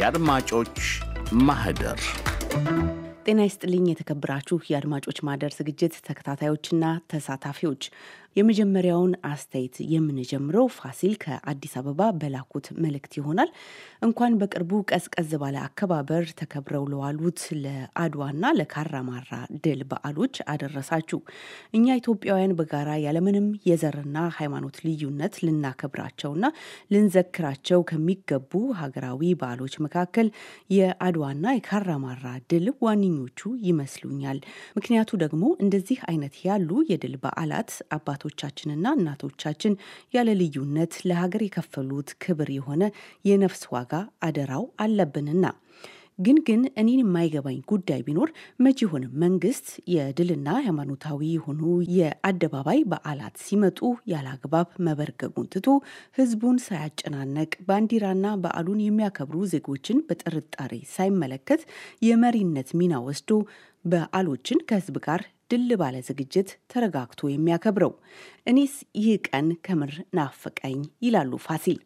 የአድማጮች ማህደር ጤና ይስጥልኝ የተከብራችሁ የአድማጮች ማህደር ዝግጅት ተከታታዮችና ተሳታፊዎች የመጀመሪያውን አስተያየት የምንጀምረው ፋሲል ከአዲስ አበባ በላኩት መልእክት ይሆናል። እንኳን በቅርቡ ቀዝቀዝ ባለ አከባበር ተከብረው ለዋሉት ለአድዋና ለካራማራ ድል በዓሎች አደረሳችሁ። እኛ ኢትዮጵያውያን በጋራ ያለምንም የዘርና ሃይማኖት ልዩነት ልናከብራቸውና ልንዘክራቸው ከሚገቡ ሀገራዊ በዓሎች መካከል የአድዋና የካራማራ ድል ዋነኞቹ ይመስሉኛል። ምክንያቱ ደግሞ እንደዚህ አይነት ያሉ የድል በዓላት አባቶ አባቶቻችንና እናቶቻችን ያለ ልዩነት ለሀገር የከፈሉት ክብር የሆነ የነፍስ ዋጋ አደራው አለብንና ግን ግን እኔን የማይገባኝ ጉዳይ ቢኖር መቼ ሆነ መንግስት የድልና ሃይማኖታዊ የሆኑ የአደባባይ በዓላት ሲመጡ ያለ አግባብ መበርገጉን ትቶ ህዝቡን ሳያጨናነቅ ባንዲራና በዓሉን የሚያከብሩ ዜጎችን በጥርጣሬ ሳይመለከት የመሪነት ሚና ወስዶ በዓሎችን ከህዝብ ጋር ድል ባለ ዝግጅት ተረጋግቶ የሚያከብረው። እኔስ ይህ ቀን ከምር ናፈቀኝ ይላሉ ፋሲል።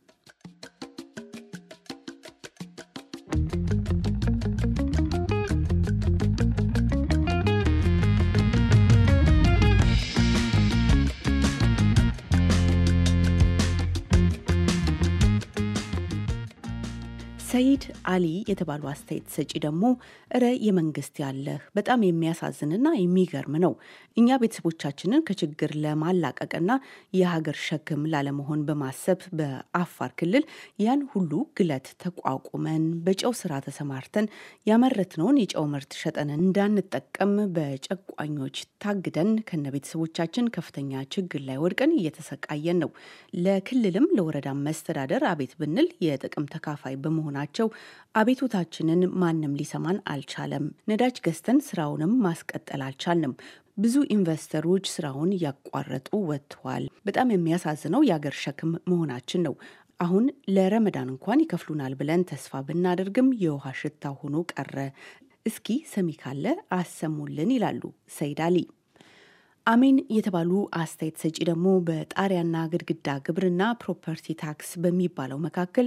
ሰይድ አሊ የተባሉ አስተያየት ሰጪ ደግሞ እረ የመንግስት ያለህ በጣም የሚያሳዝንና የሚገርም ነው። እኛ ቤተሰቦቻችንን ከችግር ለማላቀቅና የሀገር ሸክም ላለመሆን በማሰብ በአፋር ክልል ያን ሁሉ ግለት ተቋቁመን በጨው ስራ ተሰማርተን ያመረትነውን የጨው ምርት ሸጠን እንዳንጠቀም በጨቋኞች ታግደን ከነ ቤተሰቦቻችን ከፍተኛ ችግር ላይ ወድቀን እየተሰቃየን ነው። ለክልልም ለወረዳ መስተዳደር አቤት ብንል የጥቅም ተካፋይ በመሆናል በመሆናቸው አቤቱታችንን ማንም ሊሰማን አልቻለም። ነዳጅ ገዝተን ስራውንም ማስቀጠል አልቻልንም። ብዙ ኢንቨስተሮች ስራውን እያቋረጡ ወጥተዋል። በጣም የሚያሳዝነው የአገር ሸክም መሆናችን ነው። አሁን ለረመዳን እንኳን ይከፍሉናል ብለን ተስፋ ብናደርግም የውሃ ሽታ ሆኖ ቀረ። እስኪ ሰሚ ካለ አሰሙልን ይላሉ ሰይድ አሊ። አሜን የተባሉ አስተያየት ሰጪ ደግሞ በጣሪያና ግድግዳ ግብርና ፕሮፐርቲ ታክስ በሚባለው መካከል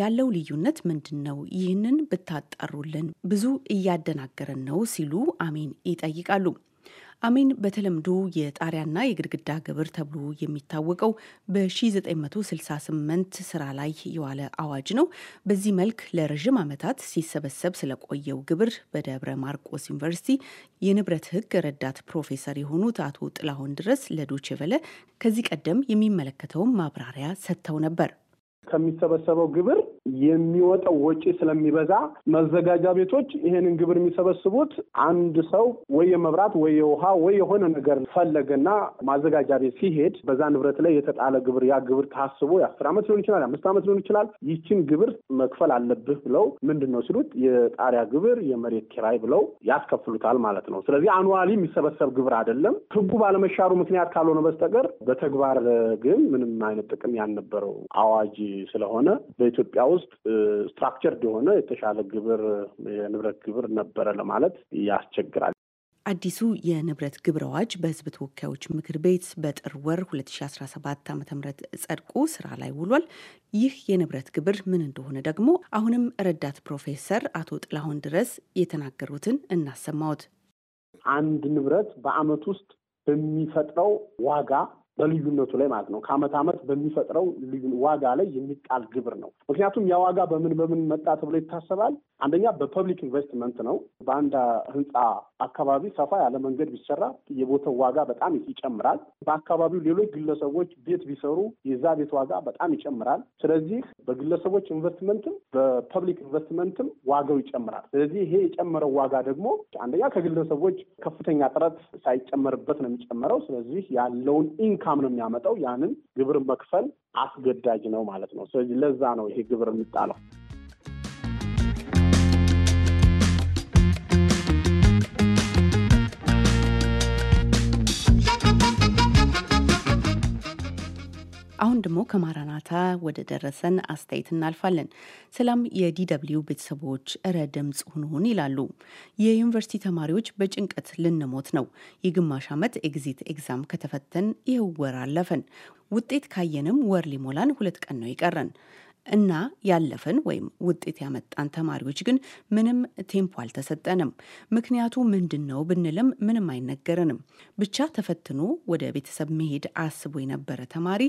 ያለው ልዩነት ምንድን ነው? ይህንን ብታጣሩልን ብዙ እያደናገረን ነው ሲሉ አሜን ይጠይቃሉ። አሜን በተለምዶ የጣሪያና የግድግዳ ግብር ተብሎ የሚታወቀው በ1968 ስራ ላይ የዋለ አዋጅ ነው። በዚህ መልክ ለረዥም ዓመታት ሲሰበሰብ ስለቆየው ግብር በደብረ ማርቆስ ዩኒቨርሲቲ የንብረት ሕግ ረዳት ፕሮፌሰር የሆኑት አቶ ጥላሁን ድረስ ለዶቼ ቬለ ከዚህ ቀደም የሚመለከተውን ማብራሪያ ሰጥተው ነበር። ከሚሰበሰበው ግብር የሚወጣው ወጪ ስለሚበዛ መዘጋጃ ቤቶች ይሄንን ግብር የሚሰበስቡት አንድ ሰው ወይ የመብራት ወይ የውሃ ወይ የሆነ ነገር ፈለገና ማዘጋጃ ቤት ሲሄድ በዛ ንብረት ላይ የተጣለ ግብር ያ ግብር ታስቦ የአስር ዓመት ሊሆን ይችላል፣ የአምስት ዓመት ሊሆን ይችላል። ይችን ግብር መክፈል አለብህ ብለው ምንድን ነው ሲሉት የጣሪያ ግብር፣ የመሬት ኪራይ ብለው ያስከፍሉታል ማለት ነው። ስለዚህ አኑዋሊ የሚሰበሰብ ግብር አይደለም። ህጉ ባለመሻሩ ምክንያት ካልሆነ በስተቀር በተግባር ግን ምንም አይነት ጥቅም ያልነበረው አዋጅ ስለሆነ በኢትዮጵያ ውስጥ ስትራክቸር የሆነ የተሻለ ግብር የንብረት ግብር ነበረ ለማለት ያስቸግራል። አዲሱ የንብረት ግብር አዋጅ በሕዝብ ተወካዮች ምክር ቤት በጥር ወር 2017 ዓ ም ጸድቆ ስራ ላይ ውሏል። ይህ የንብረት ግብር ምን እንደሆነ ደግሞ አሁንም ረዳት ፕሮፌሰር አቶ ጥላሁን ድረስ የተናገሩትን እናሰማዎት። አንድ ንብረት በዓመት ውስጥ በሚፈጥረው ዋጋ በልዩነቱ ላይ ማለት ነው። ከአመት ዓመት በሚፈጥረው ዋጋ ላይ የሚጣል ግብር ነው። ምክንያቱም ያ ዋጋ በምን በምን መጣ ተብሎ ይታሰባል። አንደኛ በፐብሊክ ኢንቨስትመንት ነው። በአንድ ህንፃ አካባቢ ሰፋ ያለ መንገድ ቢሰራ የቦታው ዋጋ በጣም ይጨምራል። በአካባቢው ሌሎች ግለሰቦች ቤት ቢሰሩ የዛ ቤት ዋጋ በጣም ይጨምራል። ስለዚህ በግለሰቦች ኢንቨስትመንትም በፐብሊክ ኢንቨስትመንትም ዋጋው ይጨምራል። ስለዚህ ይሄ የጨመረው ዋጋ ደግሞ አንደኛ ከግለሰቦች ከፍተኛ ጥረት ሳይጨመርበት ነው የሚጨመረው። ስለዚህ ያለውን ኢንካ ድካም ነው የሚያመጣው። ያንን ግብር መክፈል አስገዳጅ ነው ማለት ነው። ስለዚህ ለዛ ነው ይሄ ግብር የሚጣለው። አሁን ደግሞ ከማራናታ ወደ ደረሰን አስተያየት እናልፋለን። ሰላም የዲደብሊው ቤተሰቦች፣ እረ ድምፅ ሁንሁን ይላሉ። የዩኒቨርሲቲ ተማሪዎች በጭንቀት ልንሞት ነው። የግማሽ ዓመት ኤግዚት ኤግዛም ከተፈተን ወር አለፈን። ውጤት ካየንም ወር ሊሞላን ሁለት ቀን ነው የቀረን። እና ያለፈን ወይም ውጤት ያመጣን ተማሪዎች ግን ምንም ቴምፖ አልተሰጠንም። ምክንያቱ ምንድን ነው ብንልም ምንም አይነገረንም። ብቻ ተፈትኖ ወደ ቤተሰብ መሄድ አስቦ የነበረ ተማሪ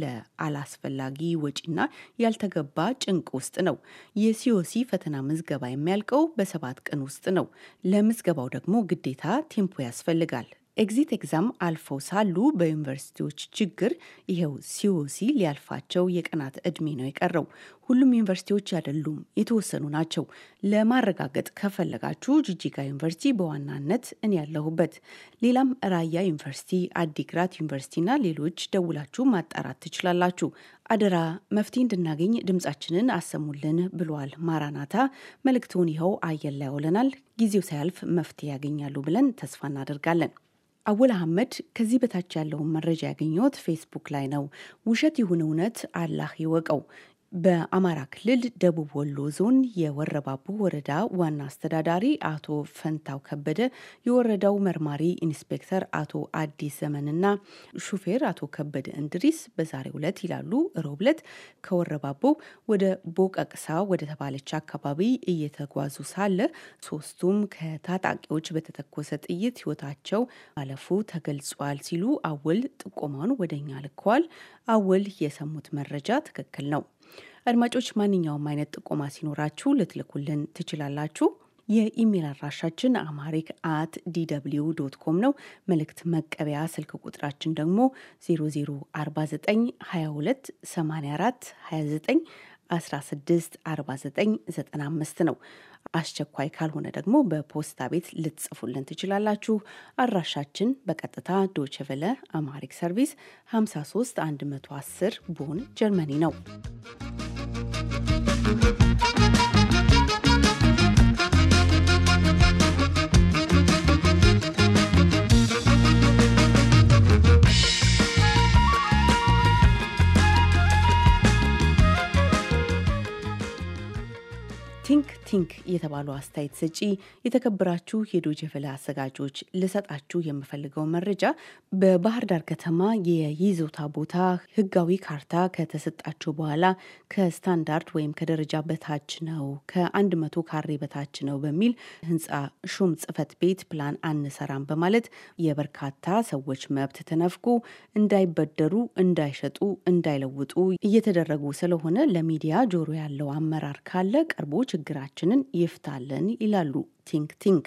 ለአላስፈላጊ ወጪና ያልተገባ ጭንቅ ውስጥ ነው። የሲኦሲ ፈተና ምዝገባ የሚያልቀው በሰባት ቀን ውስጥ ነው። ለምዝገባው ደግሞ ግዴታ ቴምፖ ያስፈልጋል። ኤግዚት ኤግዛም አልፈው ሳሉ በዩኒቨርሲቲዎች ችግር ይኸው ሲወሲ ሊያልፋቸው የቀናት እድሜ ነው የቀረው። ሁሉም ዩኒቨርሲቲዎች አይደሉም፣ የተወሰኑ ናቸው። ለማረጋገጥ ከፈለጋችሁ ጂጂጋ ዩኒቨርሲቲ በዋናነት እኔ ያለሁበት፣ ሌላም ራያ ዩኒቨርሲቲ፣ አዲግራት ዩኒቨርሲቲና ሌሎች ደውላችሁ ማጣራት ትችላላችሁ። አደራ መፍትሄ እንድናገኝ ድምጻችንን አሰሙልን ብሏል ማራናታ። መልእክቱን ይኸው አየር ላይ ያውለናል። ጊዜው ሳያልፍ መፍትሄ ያገኛሉ ብለን ተስፋ እናደርጋለን። አወል አህመድ ከዚህ በታች ያለውን መረጃ ያገኘሁት ፌስቡክ ላይ ነው። ውሸት ይሁን እውነት አላህ ይወቀው። በአማራ ክልል ደቡብ ወሎ ዞን የወረባቡ ወረዳ ዋና አስተዳዳሪ አቶ ፈንታው ከበደ፣ የወረዳው መርማሪ ኢንስፔክተር አቶ አዲስ ዘመንና ሹፌር አቶ ከበደ እንድሪስ በዛሬው ዕለት ይላሉ ሮብ ዕለት ከወረባቦ ወደ ቦቀቅሳ ወደ ተባለች አካባቢ እየተጓዙ ሳለ ሶስቱም ከታጣቂዎች በተተኮሰ ጥይት ህይወታቸው ማለፉ ተገልጿል ሲሉ አወል ጥቆማውን ወደኛ ልከዋል። አወል የሰሙት መረጃ ትክክል ነው። አድማጮች ማንኛውም አይነት ጥቆማ ሲኖራችሁ ልትልኩልን ትችላላችሁ። የኢሜል አድራሻችን አማሪክ አት ዲw ዶት ኮም ነው። መልእክት መቀበያ ስልክ ቁጥራችን ደግሞ 0049228429164995 ነው። አስቸኳይ ካልሆነ ደግሞ በፖስታ ቤት ልትጽፉልን ትችላላችሁ። አድራሻችን በቀጥታ ዶችቨለ አማሪክ ሰርቪስ 53110 ቦን ጀርመኒ ነው። Thank you. የተባሉ አስተያየት ሰጪ፣ የተከበራችሁ ጀፈላ አዘጋጆች ልሰጣችሁ የምፈልገው መረጃ በባህር ዳር ከተማ የይዞታ ቦታ ህጋዊ ካርታ ከተሰጣችሁ በኋላ ከስታንዳርድ ወይም ከደረጃ በታች ነው፣ ከአንድ መቶ ካሬ በታች ነው በሚል ህንፃ ሹም ጽህፈት ቤት ፕላን አንሰራም በማለት የበርካታ ሰዎች መብት ተነፍጎ እንዳይበደሩ፣ እንዳይሸጡ፣ እንዳይለውጡ እየተደረጉ ስለሆነ ለሚዲያ ጆሮ ያለው አመራር ካለ ቀርቦ ችግራችንን ይፍታልን ይላሉ ቲንክ ቲንክ።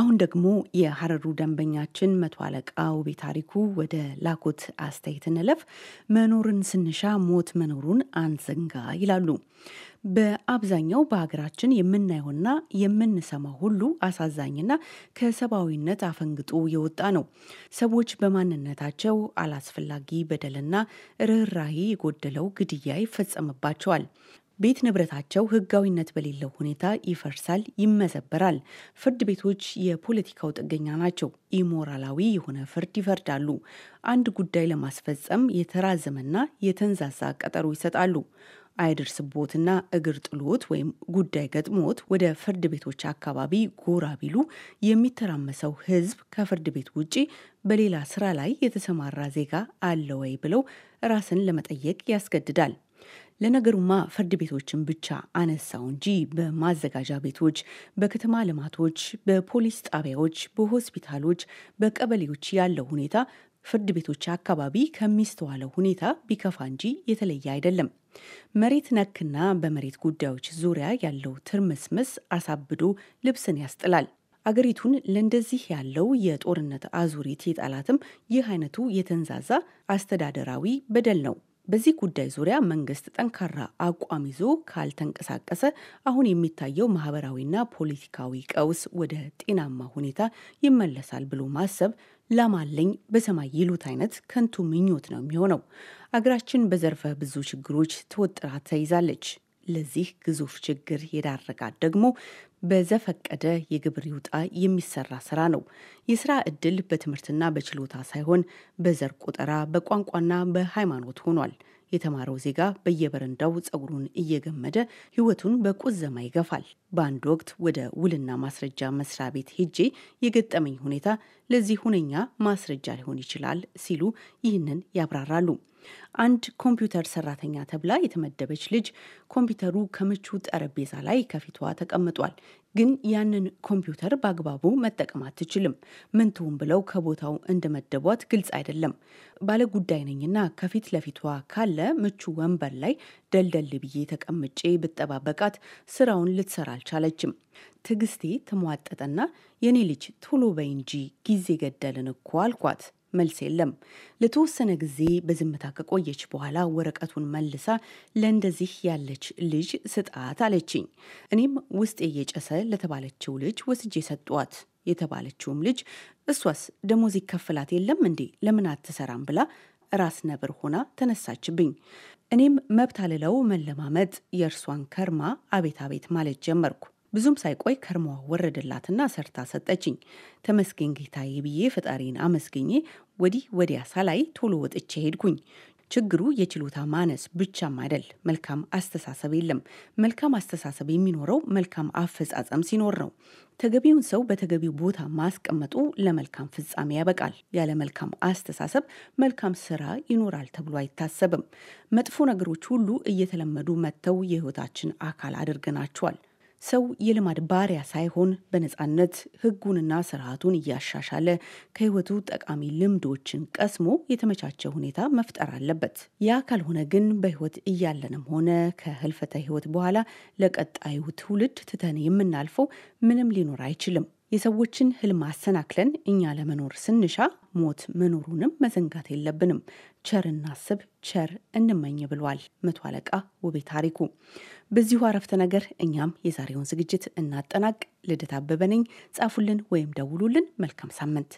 አሁን ደግሞ የሀረሩ ደንበኛችን መቶ አለቃ ውቤ ታሪኩ ወደ ላኩት አስተያየት እንለፍ። መኖርን ስንሻ ሞት መኖሩን አንዘንጋ ይላሉ። በአብዛኛው በሀገራችን የምናየውና የምንሰማው ሁሉ አሳዛኝና ከሰብአዊነት አፈንግጦ የወጣ ነው። ሰዎች በማንነታቸው አላስፈላጊ በደልና ርኅራሄ የጎደለው ግድያ ይፈጸምባቸዋል። ቤት ንብረታቸው ህጋዊነት በሌለው ሁኔታ ይፈርሳል፣ ይመዘበራል። ፍርድ ቤቶች የፖለቲካው ጥገኛ ናቸው። ኢሞራላዊ የሆነ ፍርድ ይፈርዳሉ። አንድ ጉዳይ ለማስፈጸም የተራዘመና የተንዛዛ ቀጠሮ ይሰጣሉ። አይደርስቦትና እግር ጥሎት ወይም ጉዳይ ገጥሞት ወደ ፍርድ ቤቶች አካባቢ ጎራ ቢሉ የሚተራመሰው ህዝብ ከፍርድ ቤት ውጪ በሌላ ስራ ላይ የተሰማራ ዜጋ አለ ወይ ብለው ራስን ለመጠየቅ ያስገድዳል። ለነገሩማ ፍርድ ቤቶችን ብቻ አነሳው እንጂ በማዘጋጃ ቤቶች፣ በከተማ ልማቶች፣ በፖሊስ ጣቢያዎች፣ በሆስፒታሎች፣ በቀበሌዎች ያለው ሁኔታ ፍርድ ቤቶች አካባቢ ከሚስተዋለው ሁኔታ ቢከፋ እንጂ የተለየ አይደለም። መሬት ነክና በመሬት ጉዳዮች ዙሪያ ያለው ትርምስምስ አሳብዶ ልብስን ያስጥላል። አገሪቱን ለእንደዚህ ያለው የጦርነት አዙሪት የጣላትም ይህ አይነቱ የተንዛዛ አስተዳደራዊ በደል ነው። በዚህ ጉዳይ ዙሪያ መንግስት ጠንካራ አቋም ይዞ ካልተንቀሳቀሰ አሁን የሚታየው ማህበራዊና ፖለቲካዊ ቀውስ ወደ ጤናማ ሁኔታ ይመለሳል ብሎ ማሰብ ላማለኝ በሰማይ ይሉት አይነት ከንቱ ምኞት ነው የሚሆነው። አገራችን በዘርፈ ብዙ ችግሮች ተወጥራ ተይዛለች። ለዚህ ግዙፍ ችግር የዳረጋት ደግሞ በዘፈቀደ የግብር ይውጣ የሚሰራ ስራ ነው። የስራ እድል በትምህርትና በችሎታ ሳይሆን በዘር ቆጠራ፣ በቋንቋና በሃይማኖት ሆኗል። የተማረው ዜጋ በየበረንዳው ጸጉሩን እየገመደ ህይወቱን በቁዘማ ይገፋል። በአንድ ወቅት ወደ ውልና ማስረጃ መስሪያ ቤት ሄጄ የገጠመኝ ሁኔታ ለዚህ ሁነኛ ማስረጃ ሊሆን ይችላል ሲሉ ይህንን ያብራራሉ። አንድ ኮምፒውተር ሰራተኛ ተብላ የተመደበች ልጅ ኮምፒውተሩ ከምቹ ጠረጴዛ ላይ ከፊቷ ተቀምጧል። ግን ያንን ኮምፒውተር በአግባቡ መጠቀም አትችልም። ምንትውን ብለው ከቦታው እንደመደቧት ግልጽ አይደለም። ባለጉዳይ ነኝና ከፊት ለፊቷ ካለ ምቹ ወንበር ላይ ደልደል ብዬ ተቀምጬ ብጠባበቃት ስራውን ልትሰራ አልቻለችም። ትዕግስቴ ተሟጠጠና የኔ ልጅ ቶሎ በይ እንጂ ጊዜ ገደልን እኮ አልኳት። መልስ የለም። ለተወሰነ ጊዜ በዝምታ ከቆየች በኋላ ወረቀቱን መልሳ ለእንደዚህ ያለች ልጅ ስጣት አለችኝ። እኔም ውስጤ እየጨሰ ለተባለችው ልጅ ወስጄ ሰጧት። የተባለችውም ልጅ እሷስ ደሞዝ ይከፍላት የለም እንዴ ለምን አትሰራም ብላ ራስ ነብር ሆና ተነሳችብኝ። እኔም መብት አልለው መለማመጥ የእርሷን ከርማ አቤት አቤት ማለት ጀመርኩ። ብዙም ሳይቆይ ከርሟ ወረደላትና ሰርታ ሰጠችኝ። ተመስገን ጌታዬ ብዬ ፈጣሪን አመስገኜ ወዲህ ወዲያ ሳላይ ቶሎ ወጥቼ ሄድኩኝ። ችግሩ የችሎታ ማነስ ብቻም አይደል፣ መልካም አስተሳሰብ የለም። መልካም አስተሳሰብ የሚኖረው መልካም አፈጻጸም ሲኖር ነው። ተገቢውን ሰው በተገቢው ቦታ ማስቀመጡ ለመልካም ፍጻሜ ያበቃል። ያለ መልካም አስተሳሰብ መልካም ስራ ይኖራል ተብሎ አይታሰብም። መጥፎ ነገሮች ሁሉ እየተለመዱ መጥተው የህይወታችን አካል አድርገናቸዋል። ሰው የልማድ ባሪያ ሳይሆን በነፃነት ህጉንና ስርዓቱን እያሻሻለ ከህይወቱ ጠቃሚ ልምዶችን ቀስሞ የተመቻቸ ሁኔታ መፍጠር አለበት። ያ ካልሆነ ግን በህይወት እያለንም ሆነ ከህልፈተ ህይወት በኋላ ለቀጣዩ ትውልድ ትተን የምናልፈው ምንም ሊኖር አይችልም። የሰዎችን ህልም አሰናክለን እኛ ለመኖር ስንሻ ሞት መኖሩንም መዘንጋት የለብንም። ቸር እናስብ፣ ቸር እንመኝ ብሏል መቶ አለቃ ውቤ ታሪኩ። በዚሁ አረፍተ ነገር እኛም የዛሬውን ዝግጅት እናጠናቅ። ልደት አበበ ነኝ። ጻፉልን ወይም ደውሉልን። መልካም ሳምንት።